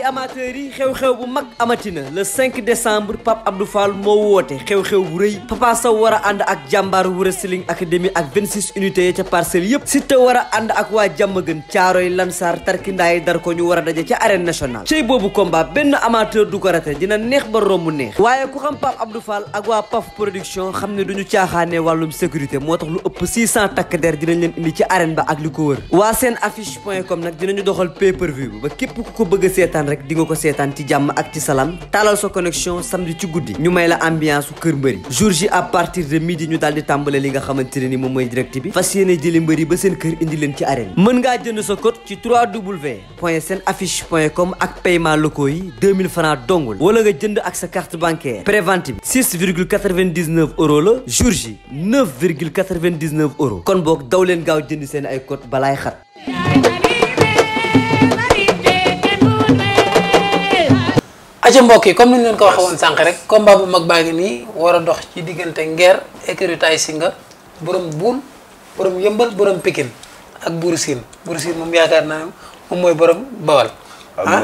mbokki amateurs yi xew-xew bu mag amatina le 5 décembre Pape Abdou Fall moo woote xew-xew bu rëy Papa Sow war ànd ak jàmbaar Wrestling Academy ak 26 unités ya ca parcelle yëpp Siteu war a ànd ak waa Jàmmagën Caaroy Lansar Tarkindaay dar ko ñu war a daje ca arène nationale cey boobu combat benn amateur du ko rate dina neex ba romb neex waaye ku xam Pape Abdou Fall ak waa Paf production xam ne duñu caaxaane wàllum sécurité moo tax lu ëpp 600 takk der dinañ leen indi ci arène ba ak li ko wër waa seen affiche point com nag dinañu doxal pay per ko bëgg a rek di nga ko seetaan ci jàmm ak ci salaam taalal sa connexion samedi ci guddi ñu may la ambiance su kër mbëri jour ji à partir de midi ñu daal di tàmbale li nga xamante ne ni moom mooy direct bi fas yéene jëli mbëri ba seen kër indi leen ci arène mën ngaa jënd sa code ci 3w point seen affiche point com ak paiement locaux yi 2000 francs dongul wala nga jënd ak sa carte bancaire prévente bi 6 virgule 99 euros la jour ji 9 virgule 99 euros kon book daw leen gaaw jënd seen ay code balaay xat aca mbokk yi comme ni ñu leen ko waxee woon sànq rek combat bu mag baa ngi nii war a dox ci diggante ngeer écurie Tay Shinga borom buul borom yëmbal borom pikin ak buur siin buur siin moom yaakaar naa moom mooy borom bawal ak ah,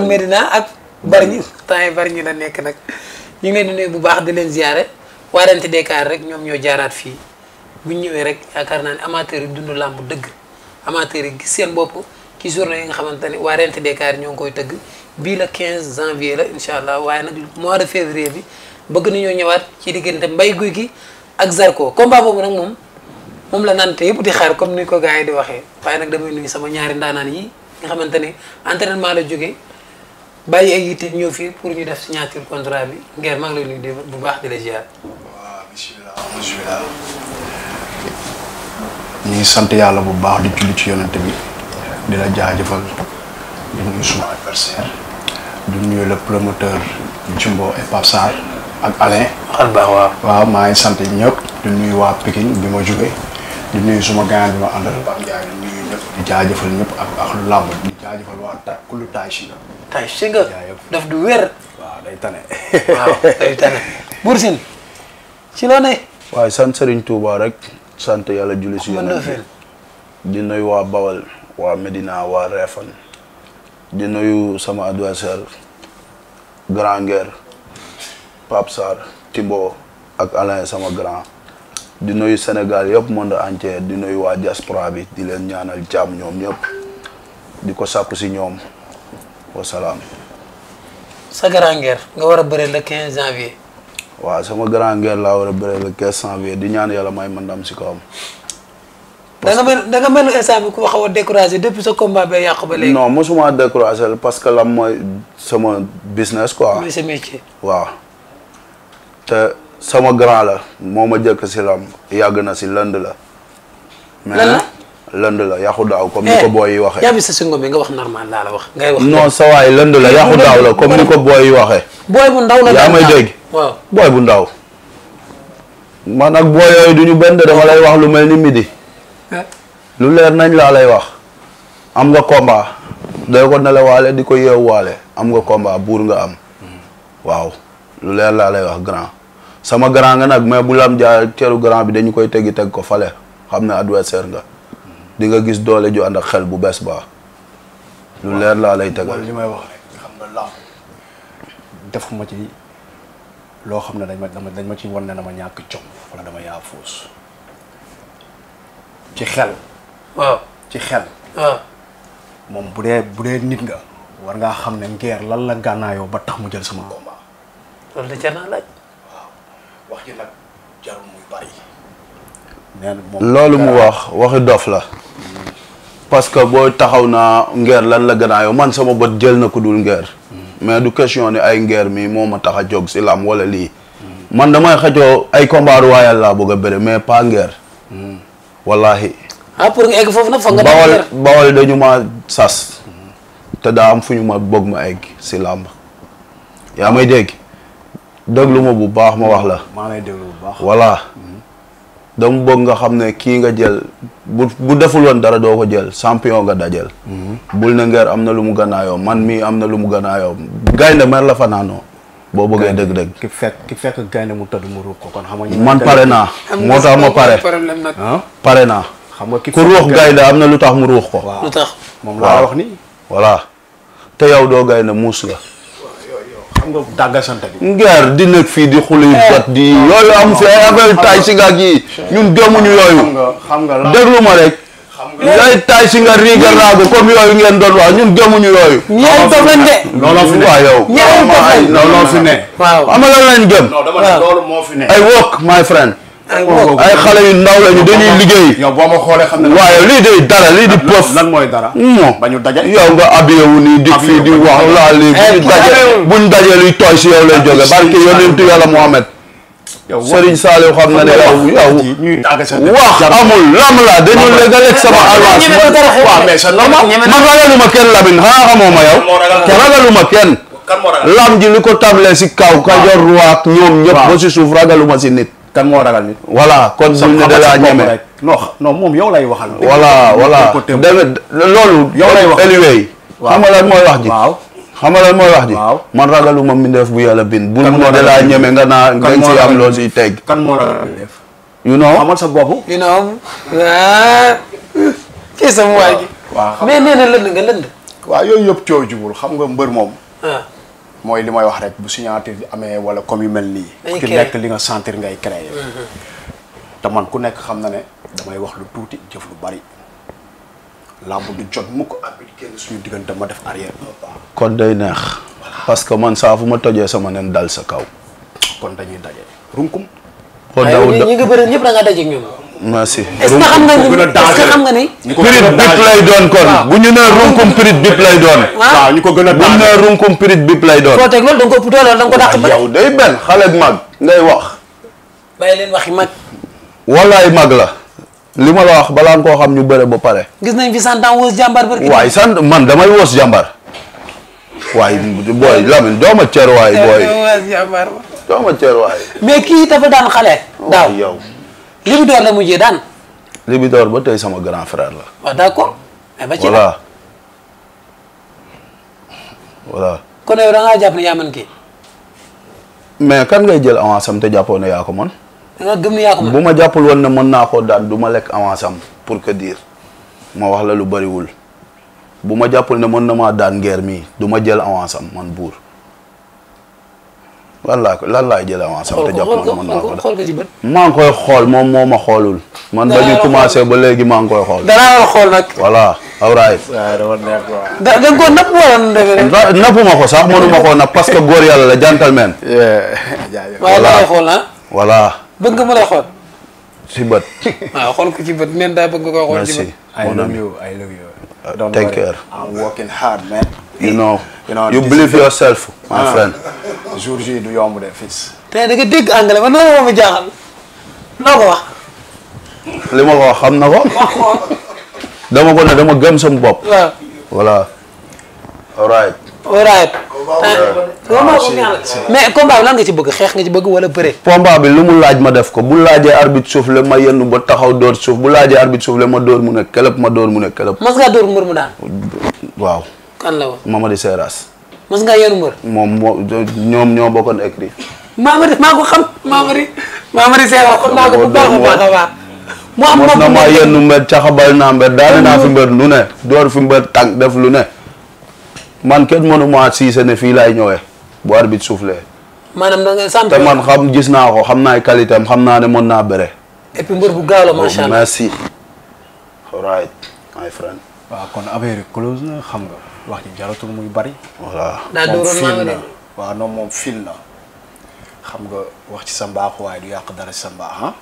Medina ak Bargny temps yi Bargny la nekk nag ñu ngi leen bu baax di leen ziare waa Rente rek ñoom ñoo jaaraat fii bu ñëwee rek yaakaar naa ne amateur yi dund làmb dëgg amateur yi gis seen bopp ci journée yi nga xamante ne waa Rent Dakar ñoo ngi koy tëgg bii la quinze janvier la incha allah waaye nag mois de février bi bëgg nañoo ñëwaat ci diggante mbay guy gi ak Zarko combat boobu nag moom moom la nante yëpp di xaar comme ni ko gars yi di waxee waaye nag damay nuyu sama ñaari ndaanaan yi nga xamante ne entraînement la jóge bàyyi ay yitte ñëw fii pour ñu def signature contrat bi ngeen maa ngi lay nuyu bu baax di la ziar. waaw ngi sant yàlla bu baax di julli di la jaajëfal di nuyu suma adversaire du nuyu le promoteur Jumbo et ak Alain. waaw. waaw maa ngi sant ñëpp. du nuyu waa Pikine bi ma jógee di nuyu suma gaañ bi ma àndal Pape jaajëfal ñëpp ak ak lu làmb di jaajëfal waa ta kullu si nga. ne. waaye sant Serigne Touba rek sant yàlla julli si. yàlla di nuyu waa Bawal. waa Medina waa Réfane di nuyu sama adversaire grand guerre Pape Sarr ak Alain sama grand di nuyu Sénégal yëpp monde entier di nuyu waa diaspora bi di leen ñaanal jàmm ñoom ñëpp di ko sàkku si ñoom wasalaam. sa grand guerre nga war a bëre le 15 janvier. waaw sama grand guerre laa war a bëre le 15 janvier di ñaan yàlla may man ndam si kawam. da nga mel da nga mel instant bi depuis sa combat bee yàqu ba léegi. non mosuma découragé parce que lam mooy sama business quoi. mooy sa métier. waaw te sama grand la moo ma jëkk si yàgg na si lënd la. lan la la yàqu daaw comme ni eh, ko booy yi waxee. bi nga wax normal laa la wax. ngay wax non sa ni ko booy yi waxee. booy bu ndaw la yaa may dégg. booy bu ndaw. ma nag booy yooyu du ñu benn dama lay wax lu mel ni midi. lu leer nañ laa lay wax am nga komba doy ko nelewaale di ko waale am nga komba buur nga am waaw lu leer laa lay wax grand sama grand nga nag mais bu lam jaar teeru grand bi dañu koy teggi teg ko fale xam ne adversaire nga di nga gis doole jox na xel bu bees baa lu leer laa lay tegal li may wax xam nga làmb defuma ci loo xam ne dañ ma dañ ma ci wan ne dama ñàkk jom wala dama yaa ci xel. ci xel. moom bu dee bu dee nit nga. war nga xam ne ngeer lan la gànnaayoo ba tax mu jël sama combat. loolu wax ji nag jarul moom loolu mu wax waxi dof la. parce que boo taxaw naa ngeer lan la gànnaayoo man sama bët jël na ku dul ngeer. mais du question ni ay ngeer mii moo ma tax a jóg si lam wala lii. Mm-hmm. man damay xajoo ay combat royal laa bëgg a bëre mais pas ngeer. wallaahi. ah pour nga egg foofu nag fa nga. bawal bawal dañu ma sas. te daa am fu ñu ma bëgg ma egg si làmb. yaa may dégg déglu ma bu baax ma wax la. maa lay déglu bu baax. voilà mhm. dama bëgg nga xam ne kii nga jël bu bu deful woon dara doo ko jël champion nga dajel. Mhm. bul na ngeer am na lu mu gannaayoo man mii am na lu mu gannaayoo gaynde mer la fanaanoo boo bëggee dëgg-dëgg. ki ki fekk gaynde mu tëdd mu ruux ko kon xam nga. man pare naa. moo tax ma pare ah? pare naa. xam nga ki ku ruux gaynde am na lu tax mu ruux ko. lu tax moom laa wax ni. voilà te yow doo gaynde muus nga. xam nga dàggasante bi. ngeer di nekk fii di xuli bat eh. di. yooyu am fi ay affaire taay si gaag yi ñun gëmuñu yooyu. xam nga ma rek. yaay taa si nga riiga raagu comme yooyu ngeen doon wax ñun gëmuñu yooyu. ñooñu dof lañ de. looloo fi ne waaw moo ay wokk my friend. ay xale yu ndaw lañu dañuy liggéey. yow boo ma xoolee xam ne waaye lii day dara lii di pof lan mooy dara. non ba ñu daje. yow nga abiyé wu nii di fii di wax laa lii bu ñu eh, daje bu ñu daje luy tooy si yow lay jóge barke yonentu Muhammad Serigne Saliou xam na ne yow wax amul lam la dañu léeg-léeg sama avance waaw ragaluma kenn Lamine xanaa xamoo ma yow ragaluma kenn lam ji li ko tàmbalee si kaw Kajoor Ruwaak ñoom ñëpp ba si suuf ragaluma si nit kan moo kon suñ ne da laa ñeme non non moom yow lay loolu yow lay wax éliwéy mooy wax ji xam nga lan mooy wax ji. man ragalu ma mbindeef bu yàlla bind. bu moo de laa ñeme nga naa nga ci am loo siy teg. kan moo ragal mbindeef. you amal sa bopp. you waay gi. waaw mais lënd nga lënd. waaw yooyu yëpp coow jubul xam nga mbër moom. Ah. mooy li may wax rek bu signature amee wala comme yu mel nii. ku nekk li nga sentir ngay créer. Mm-hmm. te man ku nekk xam na ne damay wax lu tuuti jëf lu bari. lamb du jot mukk arbitre kenn suñu diggante ma def arrière kon day neex parce que man saa fu ma tojee sama nen dal sa kaw kon dañuy daje runkum kon daw ñi nga bëri ñëpp da nga daje ñoom merci est-ce que xam nga ni est-ce que xam nga ni prix bip lay doon kon bu ñu nee runkum prix bip lay doon waaw ñu ko gën a bu ñu nee runkum prix bip lay doon foo teg loolu da nga ko ëpp doole da nga ko dàq yow day benn xale mag ngay wax bàyyi leen waxi mag wallaay mag la li ma la wax balaa koo xam ñu bëre ba pare. gis nañ fi santan woos jàmbar. waay sant man damay woos jàmbar. waay booy Lamine dooma cër waay booy. dooma cër waay. mais daan xale. daaw yow. Libidor la mujjee daan. Libidor ba tey sama grand frère la. waaw d'accord. ba ci voilà. voilà. kon ngaa jàpp ne yaa mën kii. mais kan ngay jël avance am te jàppoon ne yaa bu ma jàppul woon ne mën naa koo daan du ma lekk avance am pour que dire ma wax la lu bariwul bu ma jàppul ne mën na maa daan ngeer mii du ma jël avance am man buur lan laa ko lan laay jël avance am te maa ngi koy xool moom moo ma xoolul man ba ñu commencé ba léegi maa ngi koy xool danaa la xool nag voilà awraay da nga ko napp wala nappu ko sax mënu ma koo napp parce que góor yàlla la gentleman waaye bëgg nga mu lay xool. si bët. waaw ah, xool ko ci bët neen daa bëgg nga xool ci bët. merci you I you. Don't yourself. my ah. friend. jour J du yomb de fils. tey da nga dégg anglais man jaaxal noo ko wax. li ma ko wax xam na dama ko dama gëm sama bopp. voilà. alright ah, ah, mais combat bi lan nga ci bëgg xeex nga ci bëgg wala bëre. combat bi lu mu laaj ma def ko bu laajee arbitre suuf la ma yenn ba taxaw door suuf bu laajee arbitre suuf la ma door mu ne kelep ma door mu ne kelep. mas ngaa door waaw. kan la woon Mamadi Seras. mas ngaa yenn mbër. ñoom ñoo bokkoon écrit. Mamadi maa ko bu baax a baax a baax. mu am na yenn naa mbër daane naa fi mbër lu ne door fi mbër tànk def lu ne. man kenn mënu maa siise ne fii laay ñëwee bu arbitre soufflé. maanaam da te man xam gis naa ko xam naay qualité am xam naa ne mën naa bëre. et mbër bu gaaw la macha oh, allah merci. all my friend. waaw kon affaire close na xam nga wax ji bari. voilà moom nga wax ci sa mbaax waaye du yàq dara ci sa mbaax ah.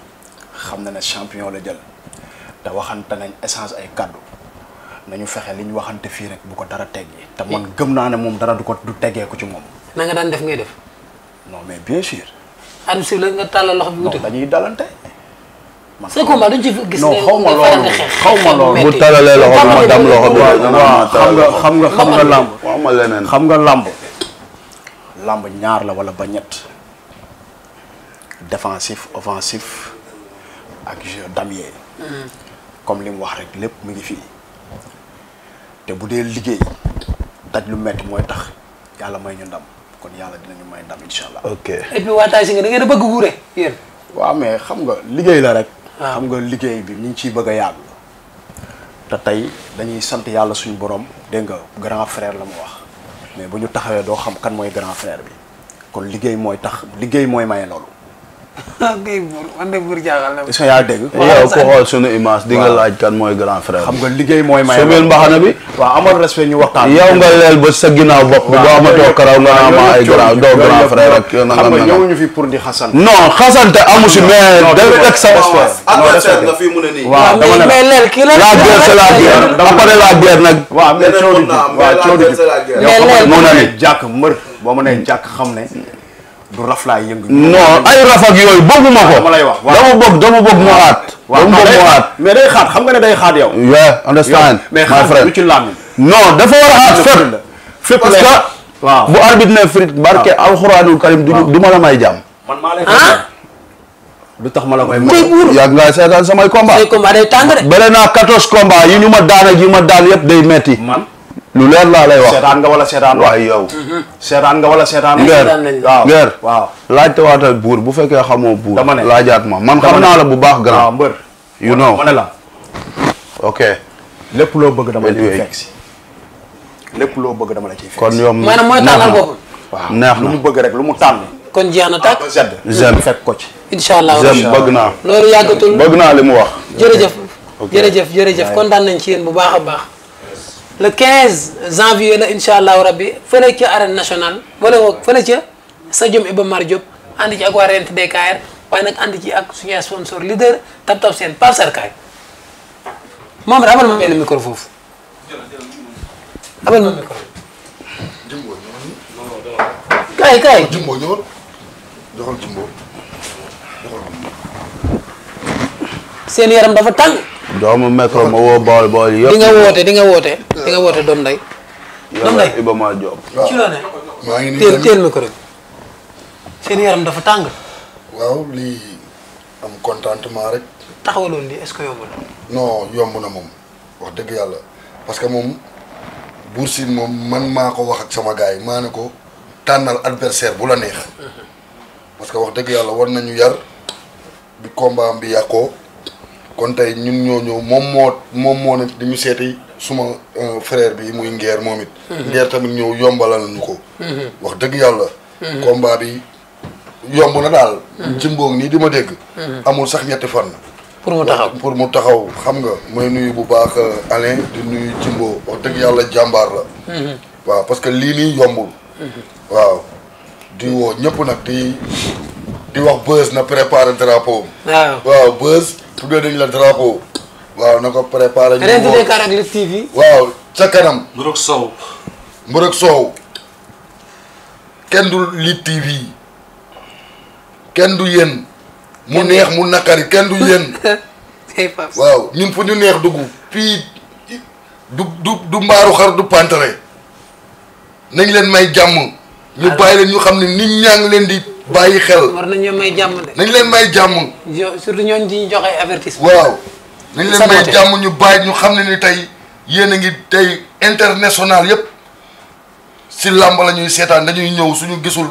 xam na ne champion la jël te waxante nañ essence ay kaddu. nañu fexe li ñu waxante fii rek bu ko dara teggee te eh. man gëm naa ne moom dara du ko du teggee ko ci moom na nga daan def ngay def non mais bien sûr arbi si la nga tàllal loxo bi wutal dañuy dalante sa combat gis xaw ma xaw ma loolu bu talalee loxo bi ma dam loxo bi waaw xam nga xam nga xam nga làmb waaw leneen xam nga làmb làmb ñaar la wala ba ñett défensif offensif ak jeu damier hmm. comme li wax rek lépp mu ngi fii te bu dee liggéey daj lu metti mooy tax yàlla may ñu ndam kon yàlla dinañu may ndam incha allah. ok et puis waa Taïsinga da ngeen a bëgg wuure yéen. mais xam nga liggéey la rek. Ah. xam nga liggéey bi ñu ngi ciy bëgg a yàgg. te tey dañuy sant yàlla suñu borom dégg nga grand frère la mu wax mais bu ñu taxawee doo xam kan mooy grand frère bi kon liggéey mooy tax liggéey mooy maye loolu. ngay buur man de buur jaaxal eh, di nga laaj kan mooy grand xam nga liggéey mooy may. sobeel mbaxana bi. waaw waxtaan. yow nga leel ba sa ginnaaw bopp bi fi pour di xasan. non xasante amu si mais. day teg sa respect. adversaire nga fi mu ne nii. waaw dama ne mais leel kii la. la guerre c'est la guerre. après la nag. waaw mun na ni jàkk mbër boo mënee jàkk xam ne du raf ay raf ak yooyu bëgguma ko. dama wax dama bëgg dama bëgg mu aat. dama bëgg mu aat. mais day xaat xam nga ne day xaat yow. yeah understand ci làmm. non dafa war a aat fépp. fépp parce que. waaw bu arbitre ne frit barke alxuraanul karim du ma la jàmm. ma la koy mën yàgg nga seetaan samay combat. samay naa 14 combat yi ñu ma daan ak ma daan yëpp day metti man. lu leer laa lay wax seetaan nga wala seetaan waaye yow mm-hmm. seetaan nga wala seetaan waaw ngeer waaw laajte waatal buur bu fekkee xamoo buur ne laajaat ma man xam naa la bu baax grand waaw mbër you know ok lépp loo bëgg dama la loo bëgg dama la ciy neex lu mu bëgg rek lu mu tànn kon jeex na tàkk ah, zedd zedd ko ci incha allah zedd bëgg naa loolu yàggatul bëgg naa li mu wax jërëjëf jërëjëf jërëjëf kontaan nañ ci yéen bu baax a baax le 15 janvier la incha allahu rabbi fële ca arène nationale wala boog fële ca Mar Diop ànd ci ak waa Rent DKR waaye nag ànd ci ak suñu sponsor leader Tap Tap Seen Pape Sarkaay moom rek ma mel micro foofu. seen yaram dafa tàng. doo ma micro ma woo bool bool yëpp. di nga woote di nga woote di nga woote doom nday. doom nday Iba Ma la ne. maa ngi nii teel micro yaram dafa tàng. waaw lii am contentement rek. taxawaloon lii est-ce que yomb na. non yomb na moom wax dëgg yàlla parce que moom Bour Sine moom man maa ko wax ak sama gars yi maa ne ko tànnal adversaire bu la neex. Mhm. parce que wax dëgg yàlla war nañu yar bi combat bi yàqoo. kon tey ñun ñoo ñëw moom moo moom moo ne di ñu seeti suma euh, frère bi muy ngeer moom it. Mm-hmm. ngeer tamit ñëw yombalal ñu ko. Mm-hmm. wax dëgg yàlla. Mm-hmm. combat bi yomb na daal. jëmboog nii di ma dégg. amul sax ñetti fan. pour mu taxaw pour mu taxaw xam nga may nuyu bu baax euh, Alain di nuyu Jimbo wax dëgg yàlla jàmbaar la. waaw parce que lii nii yombul. waaw di woo nag di di wax bës na préparer drapo am. waaw waaw Beuz. tuddee nañ la drapeau. waaw na ko préparer. ñu woo ren ak waaw ca kanam. Mburok Sow. Mburok soow kenn du Lutte TV kenn du yéen. mu neex mu naqari kenn du yéen. waaw ñun fu ñu neex dugg fii du du du mbaaru xar du pantere nañ leen may jàmm. ñu bàyyi leen ñu xam ne ni ñaa ngi leen di. bàyyi xel. war nañ may jàmm de. nañ leen may jàmm. surtout ñooñu di ñu joxe avertissement. waaw nañ leen may jàmm ñu bàyyi ñu xam ne ni tey yéen a ngi tey international yëpp si làmb lañuy seetaan dañuy ñëw suñu gisul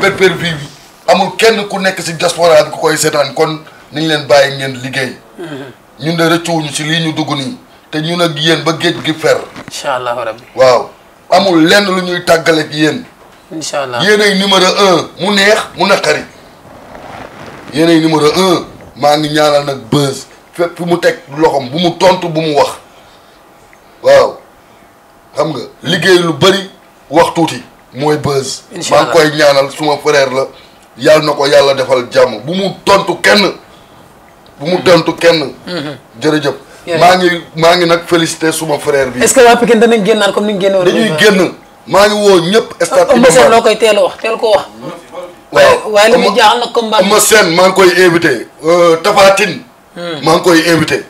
perpervi bi amul kenn ku nekk si diaspora bi ku koy seetaan kon nañ leen bàyyi ngeen liggéey. Mm-hmm. ñun de rëccuwuñu si lii ñu dugg nii te ñun ak yéen ba géej gi fer. incha allahu waaw amul lenn lu ñuy tàggale yéen. incha allah yéenay numéro un mu neex mu naqari yéenay numéro un maa ngi ñaanal nag bës fépp mu teg loxom bu mu tontu bu mu wax waaw xam nga liggéey lu bëri wax tuuti mooy bës. maa ngi koy ñaanal suma frère la yàlla na ko yàlla defal jàmm bu mu tontu kenn bu mu mm-hmm. tontu kenn. Mm-hmm. jërëjëf. maa ngi maa ngi nag félicité suma frère bi. est-ce que waa Pikine danañ génnaat comme ni ñu génnoon. dañuy génn. maa ngi woo ñëpp. stade Iba koy teel a wax teel ko wax. waaw waaye li mu jaaxal na ma seen maa ngi koy invité euh, Tapha hmm. maa ngi koy invité.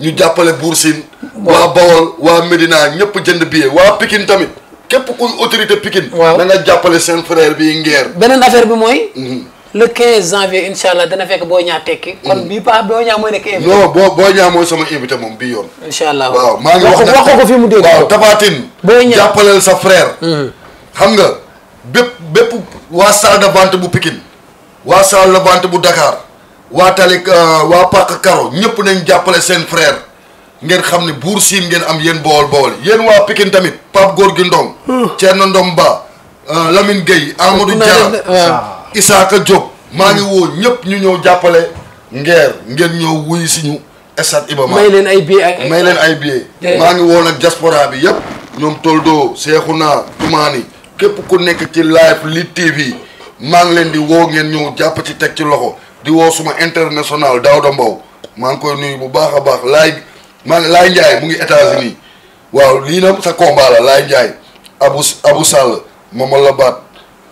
ñu jàppale Bour Sine. waa Bawol waa Medina ñëpp jënd billet waa Pikine tamit képp kuy autorité Pikine. waaw na jàppale seen frère bi Nguer. beneen affaire bi mooy. Mhm. le 15 janvier incha allah dana fekk Boy ñaar tekki. kon mm. bii paa Boy Niang mooy nekk invité. non boo Boy mooy sama invité moom bii yoon. incha allah waaw maa ngi wax wax ko fi mu dégg. waaw Tapha jàppaleel sa frère. Mm. xam nga bépp bépp waa salle de bu pikin waa salle de bu dakaar waa Tali euh, waa Parc Caro ñëpp nañ jàppale seen frère. ngeen xam ne buur siin ngeen am yéen bool bool yéen waa Pikine tamit Pape Gorgui gi mm. Thierno Ndom Ba euh, Lamine Gueye Amadou Isaaka Diop maa ngi mm. woo ñëpp ñu ñëw jàppale ngeer ngeen ñëw wuy si ñu Esat Ibama may leen ay billets may leen ay billets maa ngi woo nag diaspora bi yëpp ñoom Toldo naa Tumaani képp ku nekk ci live li TV maa ngi leen di woo ngeen ñëw jàpp ci teg ci loxo di woo suma international Daouda Mbow maa ngi koy nuyu bu baax a baax laay maa laay Ndiaye mu ngi états waaw lii nag sa combat laay Ndiaye Abu Abu Sall Mama Labat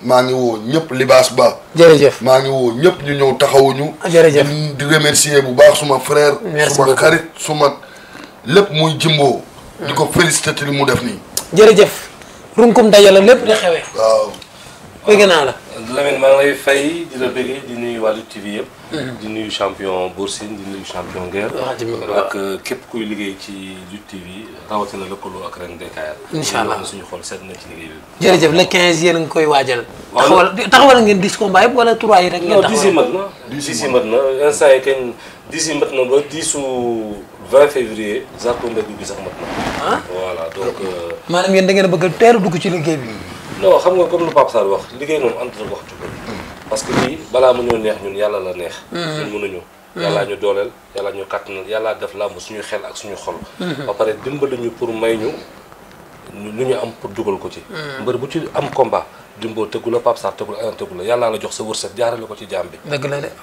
maa ngi woo ñëpp libaas ba jërëjëf maa ngi woo ñëpp ñu ñëw taxawuñu ah, jërëjëf di remercier bu baax suma frère suma xarit suma lépp muy jimboo di ko félicité li mu def nii jërëjëf runkum dajala lépp di xewee waaw bëgg naa la Lamine maa ngi lay fay di bëggee di nuyu wàllu TV yëpp. Mhm. di nuyu champion Bour Sine ger nuyu champion Nguer. ak euh, képp kuy liggéey ci Lutte TV rawatina lëkkaloo ak Rent DKR. incha allah suñu xool seet na ci liggéey bi. jërëjëf le 15 yéen a ngi koy waajal. taxawal taxawal ngeen 10 combat yëpp wala 3 yi rek. ngeen taxawal non 10 mat na 10 yi mat na instant yi kañ 10 yi mat na ba 10 20 février. zarko mbéy bi sax mat na. Ah. donc. Euh, maanaam yéen da ngeen a bëgg teel a ci liggéey bi. non xam nga comme lu Pape Sarr wax liggéey moom antu na waxtu ko parce que lii balaa mu ñoo neex ñun yàlla la neex hmm. ñun mënuñu hmm. yàllaa ñu dooleel yàllaa ñu kàttanal yàllaa def làmb suñu xel ak suñu xol hmm. ba pare dimbali ñu pour may ñu lu ñu am pour dugal ko ci mbër bu ci am combat Jumbo tëggu la Pape Sarr tëggu la Alan tëggu la jox sa wërsëg jaarale ko ci jaam bi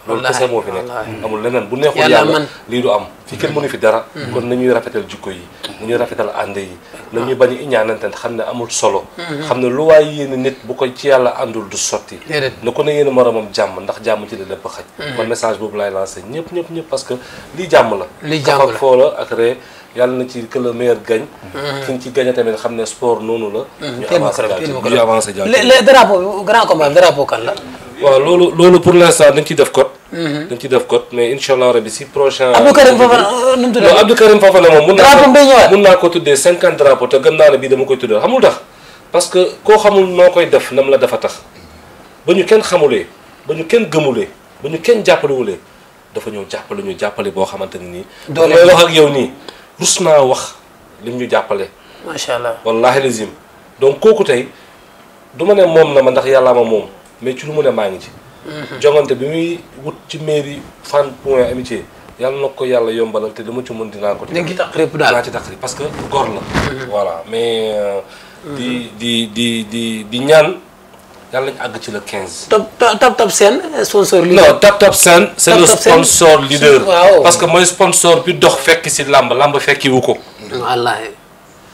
loolu kese moo fi nekk amul leneen bu neexul yàlla lii du am fi kenn mënu fi dara kon nañuy rafetal jikko yi nañuy rafetal ànd yi nañuy bañ a iñaanante xam ne amul solo mhm. xam ne lu waay yéene nit bu ko ci yàlla àndul du sotti na ko ne yéen moromam jàmm ndax jàmm ci la lépp xaj mhm. kon message boobu laay lancé ñëpp ñëpp ñëpp parce lii jàmm la lii jàmm la ak ree yàlla na ci que le meilleur gagne. Mm-hmm. ki ci gagne tamit xam ne sport noonu la. Mm-hmm. ñu avancé daal ñu avancé daal les drapeaux grand combat drapeau kan la. waaw loolu loolu pour l' instant dañ ciy def code. Mm-hmm. dañ ciy def code mais incha allah rabi si prochain. Abdou Karim Fofana euh, nu mu tuddee Abdou Karim moom. mun naa ko tuddee cinquante drapeaux te gëm naa ne bii dama koy tuddee xamul tax. parce que koo xamul noo koy def nam la dafa tax ba ñu kenn xamulee ba ñu kenn gëmulee ba ñu kenn jàppalewulee dafa ñëw jàppale ñu jàppale boo xamante ne nii. doole wax ak yow nii. rus naa wax lim ñu jàppale. macha allah wallaahi lazim donc kooku tey du ma ne moom na ma ndax yàllaa ma moom mais ci lu mu ne maa ngi ci. Mhm. jongante bi muy wut ci mairie Fann Point Amitié yàlla na ko yàlla yombalal te dama ci mën dinaa ko. dinañ ci taqrib daal dinaa ci taqrib parce que góor la. Mhm. voilà mais. Euh, mhm. di di di di ñaan. yàlla ñu àgg ci le 15. top top top seen sponsor. leader non top top seen. sponsor leader. parce que mooy sponsor bi dox fekk si làmb làmb fekki ko. wallaahi.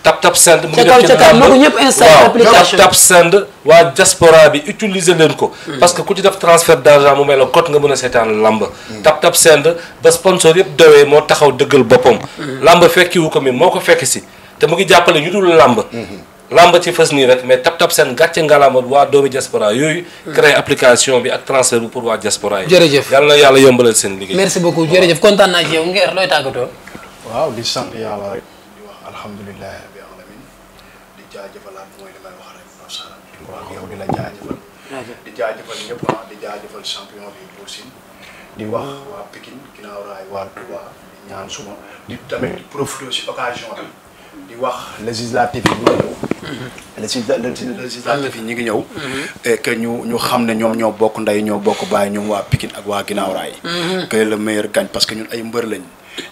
tap tap send mu ngi def ci làmb ñëpp installé waa diaspora bi utiliser leen ko. Hmm. parce que ku ci def transfert d'argent mu may la code nga mën a seetaan làmb. Hmm. tap tap send ba sponsor yëpp dawee moo taxaw dëggal boppam. Hmm. làmb fekki wu ko mi moo ko fekk si te mu ngi jàppale ñu dul làmb. làmb ci fës nii rek mais tap tap seen gàcce ngalaama waa doomi diaspora yooyu. créé application bi ak transfert bi pour waa diaspora yi. jërëjëf yal na yàlla yombalal seen liggéey. merci beaucoup jërëjëf kontaan naa ci yow Nguer looy tàggatoo. waaw di sant yàlla rek wax alhamdulilah rabbil alamin di jaajëfalaat mooy li may wax rek macha allah di la jaajëfal. di jaajëfal ah. di jaajëfal champion bi Bour di wax waa Pikine ginnaaw raay waa Touba ñaan suma di tamit di profité si occasion bi di wax législative bi la si la si la fi ñu ngi ñëw. Mmh. que ñu ñu xam ne ñoom ñoo bokk ndey ñoo bokk baay ñoom waa Pikine ak waa Ginaaw Raay. Mmh. que le meilleur gagne parce que ñun ay mbër lañ.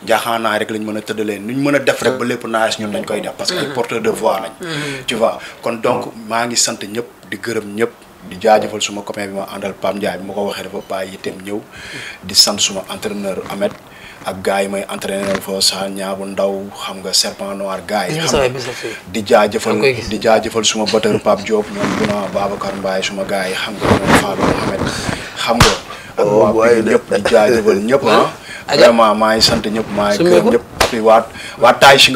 jaaxaanaay rek lañ mën a tëddalee nuñ mën a def rek ba lépp naaj ñun dañ koy def. parce que ay mmh. porteur de voix lañ. tu vois kon donc maa ngi sant ñëpp di gërëm ñëpp. di jaajëfal suma copain bi ma àndal Pam Ndiaye bi ma ko waxee dafa bàyyi yitteem ñëw. di sant suma entraîneur Ahmed. ak gars yi may entraîner fa sa ñaabu ndaw xam nga serpent noir gars yi. xam nga di jaajëfal di jaajëfal suma batteur Pape Diop ñoom Buna Babacar Mbaye gars yi xam nga xam nga. ak oh, waa ñëpp di jaajëfal ñëpp ah. vraiment maa ngi sant ñëpp maa ngi gërëm ñëpp. waa waa taay si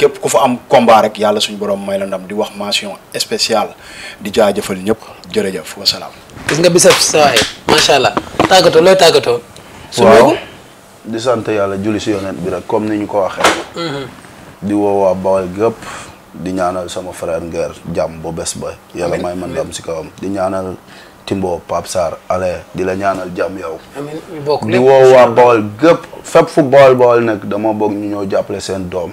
képp ku fa am combat yàlla suñu borom may la ndam di wax mention spéciale di jaajëfal ñëpp jërëjëf wasalaam. gis nga bisab saa yi macha tàggatoo looy tàggatoo. di sant yàlla julli si yonent bi rek comme ni ñu ko waxee. Mhm. di woo waa Bawol gépp di ñaanal sama frère Nguer jàmm bu bes ba. yàlla may man dam si kawam di ñaanal Timbo Pape Sarr ale di la ñaanal jàmm yow. di woo waa Bawol gépp fépp fu Bawol Bawol nekk dama bëgg ñu ñëw jàppale seen doom.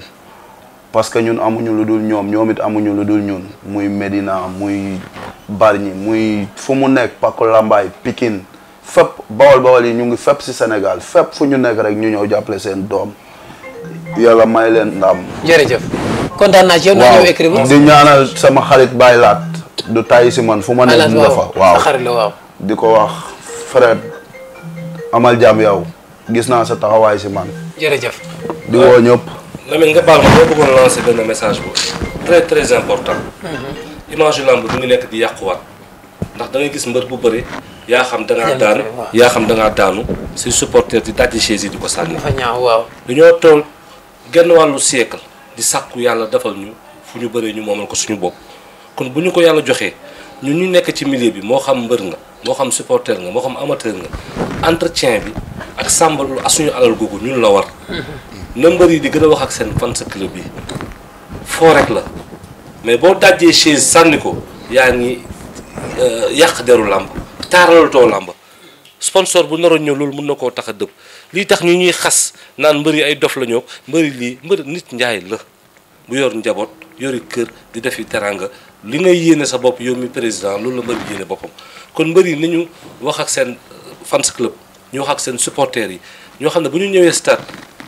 parce que ñun amuñu lu dul ñoom ñoom it amuñu lu dul ñun muy Medina muy Bargny muy fu mu nekk Paku Lambaay Pikine fépp bawol bawol yi ñu ngi fépp si senegal fépp fu ñu nekk rek ñu ñëw jàppale seen doom yàlla may leen ndam. jërëjëf kontaan naa ci yow. waaw di ñaanal sama xarit Baye Laat du tay si man fu ma ne nga fa waaw waaw di ko wax Fred amal jàmm yow gis naa sa taxawaay si man. jërëjëf. di woo ñëpp. Lamine nga baal ma boo bëggoon bu très très important. Mhm. di yàquwaat. ndax da gis mbër bu bari yaa xam da ngaa daanu yaa xam da ngaa daanu si supporter di dajji chaise yi di ko sànni. dafa ñaaw waaw. dañoo tool genn wàllu siècle di sàkku yàlla defal ñu fu ñu bëree ñu moomal ko suñu bopp kon bu ñu ko yàlla joxee ñun ñu nekk ci milieu bi moo xam mbër nga moo xam supporter nga moo xam amateur nga entretien bi ak sàmbalu suñu alal googu ñun la war. na mbër yi di gën a wax ak seen fan sa club yi foo rek la mais boo dajjee chaise sànni ko yaa ngi. Euh, yàq deru làmb taaralal too làmb sponsor bu naroon ñëw loolu mën na koo tax a dëpp lii tax ñu ñuy xas naan mbëri ay dof la ñoo mbëri lii mbëri nit njaay la bu yor njaboot yori kër di def yi teranga li ngay yéene sa bopp yow mi président loolu la mbëri yéene boppam kon mbëri nañu wax ak seen fans club ñu wax ak seen supporters yi ñoo xam ne bu ñu ñëwee stade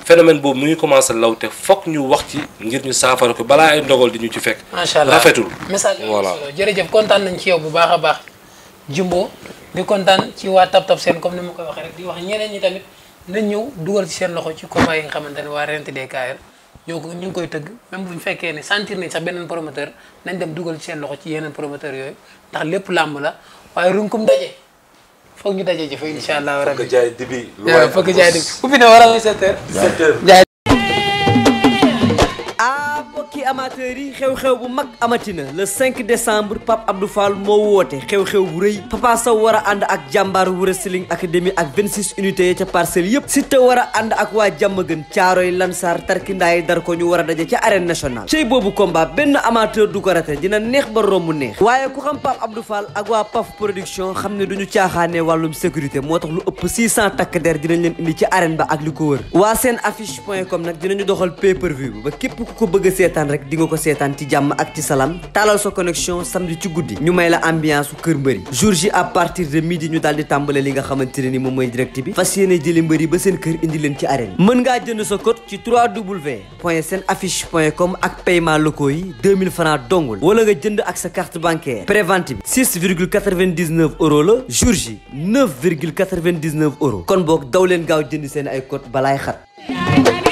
phénomène boobu muy ngi commencé law te foog ñu wax ci ngir ñu saafara ko balaa ay ndogal di ñu ci fekk. macha allah rafetul message voilà jërëjëf kontaan nañ ci yow bu baax a baax. Jumbo di kontaan ci waa Tab Tab comme ni ma koy waxee rek wax ñeneen ñi tamit nañ ñëw dugal ci seen loxo ci combat yi nga xamante ne waa Rent DKR ñoo ko ñu ngi koy tëgg même bu ñu fekkee ne sentir nañ sax beneen promoteur nañ dem dugal ci seen loxo ci yeneen promoteur yooyu ndax lépp làmb la waaye runkum daje. foog ñu daje ji fa incha allah rabi foog nga jaay dibi. lu waay am foog nga jaay dibi ubbi na waral 7 heures. 7 heures. amateurs yi xew-xew bu mag amatina le 5 décembre Pape Abdou Fall moo woote xew-xew bu rëy Papa Sow war a ànd ak jàmbaar Wrestling Academy ak 26 unité ya ca parcelle yëpp Siteu war a ànd ak waa Jàmmagën Caaroy Lansar Tarkindaay dar ko ñu war daje ca arène nationale cey boobu combat benn amateur du ko rate dina neex ba romb neex waaye ku xam Pape Abdou Fall ak waa PAF production xam ne duñu caaxaane wàllum sécurité moo tax lu ëpp 600 takk der dinañ leen indi ci arène ak li ko wër waa seen affiche point com ku ko bëgg a rek di nga ko seetaan ci jàmm ak ci salaam taalal sa connexion samedi ci guddi ñu may la ambiance su kër mbëri jour ji à partir de midi ñu daal di tàmbale li nga xamante ne ni moom mooy direct bi fas yéene jëli mbëri ba seen kër indi leen ci arène mën ngaa jënd sa code ci 3w point seen affiche point com ak paiement locaux yi 2000 francs dongul wala nga jënd ak sa carte bancaire prévente bi 6 virgule 99 euros la jour ji 9 virgule 99 euros kon boog daw leen gaaw jënd seen ay code balaay xat